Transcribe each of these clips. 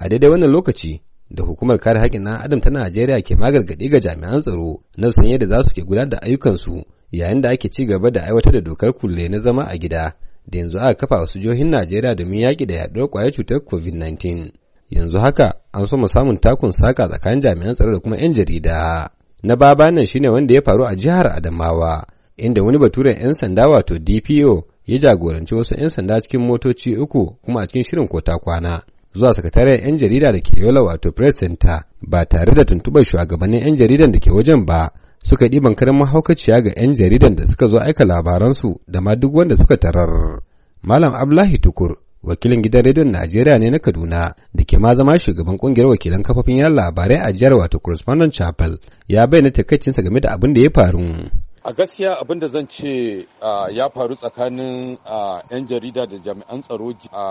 a daidai wannan lokaci da hukumar kare haƙƙin ɗan adam ta Najeriya ke magargaɗi ga jami'an tsaro na san yadda za su ke gudanar da ayyukansu yayin da ake ci gaba da aiwatar da dokar kulle na zama a gida da yanzu aka kafa wasu jihohin Najeriya domin yaƙi da yaɗuwar ƙwayar cutar COVID-19. Yanzu haka an so mu samun takun saka tsakanin jami'an tsaro da kuma 'yan jarida. Na baba nan shine wanda ya faru a jihar Adamawa inda wani baturen 'yan sanda wato DPO ya jagoranci wasu 'yan sanda cikin motoci uku kuma a cikin shirin kota kwana. zuwa sakataren 'yan jarida da ke yola wato press center ba tare da tuntubar shugabannin 'yan jaridan da ke wajen ba suka yi ɗiban karin mahaukaciya ga 'yan jaridan da suka zo aika labaransu da ma duk wanda suka tarar. Malam Ablahi Tukur, wakilin gidan rediyon Najeriya ne na Kaduna da ke ma zama shugaban kungiyar wakilan kafofin yan labarai a jihar wato correspondent chapel ya bayyana takaicinsa game da abin da ya faru. a gaskiya abinda zan ce ya faru tsakanin 'yan jarida da jami'an tsaro a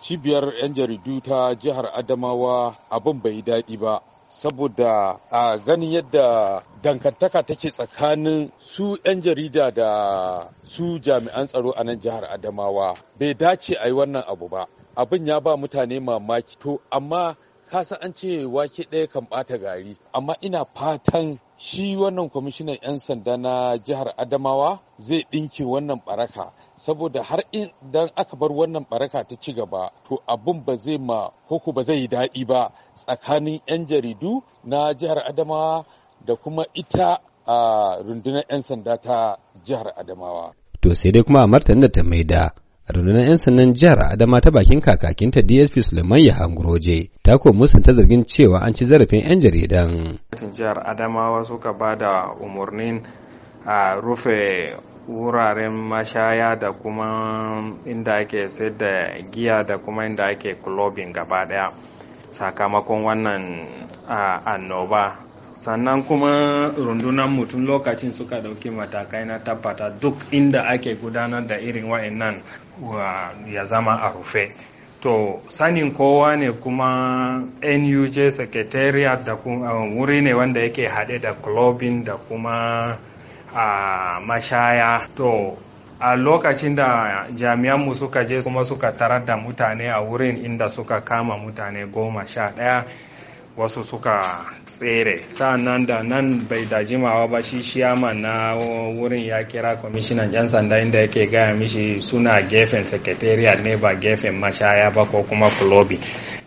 cibiyar 'yan jaridu ta jihar adamawa abin bai daɗi ba saboda a ganin yadda dangantaka take tsakanin su 'yan jarida da su jami'an tsaro a nan jihar adamawa bai dace a yi wannan abu ba abin ya ba mutane mamaki to amma kasa an ce wake ɗaya kan ɓata gari amma ina fatan shi wannan kwamishinan 'yan sanda na jihar adamawa zai ɗinke wannan baraka saboda har idan aka bar wannan baraka ta ci gaba to abun ba zai ma koko ba zai yi daɗi ba tsakanin 'yan jaridu na jihar adamawa da kuma ita a rundunar 'yan sanda ta jihar adamawa to sai dai kuma a martanin da ta maida rundunar 'yan sannan jihar adama ta bakin kakakinta dsp suleiman ya hangroje ta ko musanta zargin cewa an ci zarafin 'yan jaridan jihar adamawa suka ba da umarnin a rufe wuraren mashaya da kuma inda ake sayar da giya da kuma inda ake clubbing gaba daya sakamakon wannan annoba sannan kuma rundunar mutum lokacin suka dauki matakai na tabbata duk inda ake gudanar da irin wa'annan ya zama a rufe to sanin kowa ne kuma nuj secretariat da wuri ne wanda yake haɗe da clubin da kuma a mashaya to a lokacin da jami'anmu suka je kuma suka tarar da mutane a wurin inda suka kama mutane goma sha ɗaya wasu suka tsere sa'annan da nan bai da jimawa ba shi shiyama na wurin ya kira kwamishinan yan sanda inda yake gaya mishi suna gefen sekretariya ne ba gefen mashaya ba ko kuma kulobi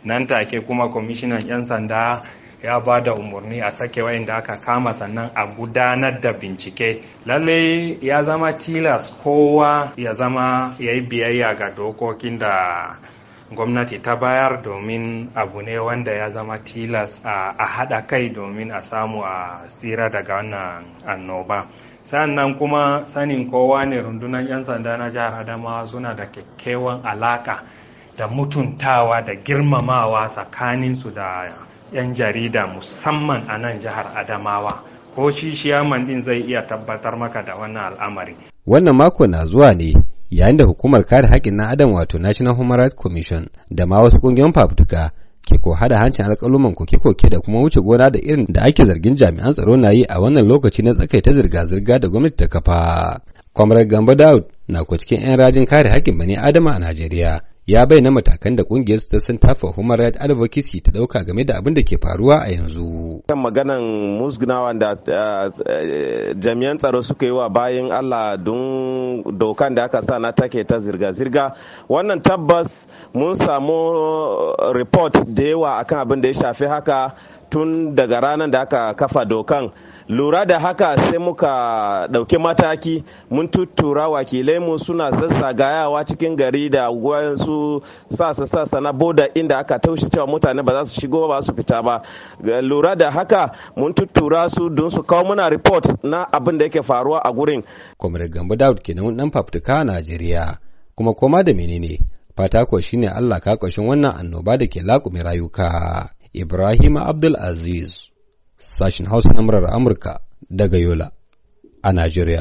nan take kuma kwamishinan yan sanda ya ba da umarni a sake wayanda aka kama sannan a gudanar da bincike lalle ya zama tilas kowa ya zama ya yi biyayya ga dokokin da gwamnati ta bayar domin abu ne wanda ya zama tilas a haɗa kai domin a samu a tsira daga wannan annoba sannan kuma sanin kowa ne rundunar 'yan sanda na jihar adamawa suna da kyakkyawan alaka da mutuntawa da girmamawa tsakaninsu da 'yan jarida musamman a nan jihar adamawa ko shi shiyaman din zai iya tabbatar maka da wannan al'amari wannan mako na zuwa ne yayin da hukumar kare haƙƙin na adam wato national human rights commission da ma wasu ƙungiyoyin fafutuka ke ko hada hancin alƙaluman koke-koke da kuma wuce gona da irin da ake zargin jami'an tsaro na yi a wannan lokaci na ta zirga-zirga da gwamnati ta kafa. Comrade Gambo Daud na ko cikin 'yan rajin kare haƙƙin bani Adama a Najeriya. Ya bayyana matakan da ƙungiyar su ta sun tafa Human Rights Advocacy ta ɗauka game da abin da ke faruwa a yanzu. kan maganan musgunawa da eh, eh, jami'an tsaro suka yi wa bayan allah don dokan da aka sa na take ta zirga-zirga wannan tabbas mun samu report da yawa akan abin da ya shafi haka tun daga ranar da aka kafa dokan lura da haka sai muka ɗauki mataki mun tuttura wakilai mu suna zazzagayawa cikin gari da wasu sasa sasa na boda inda aka taushe cewa mutane ba za su shigo ba su fita ba lura da haka mun tuttura su don su kawo muna report na abin da yake faruwa a gurin kwamar gambo daud kenan dan fafutuka a najeriya kuma koma da menene fata ko shine allah ka wannan annoba da ke lakumi rayuka ibrahim abdul aziz sashin hausa na murar amurka daga yola a najeriya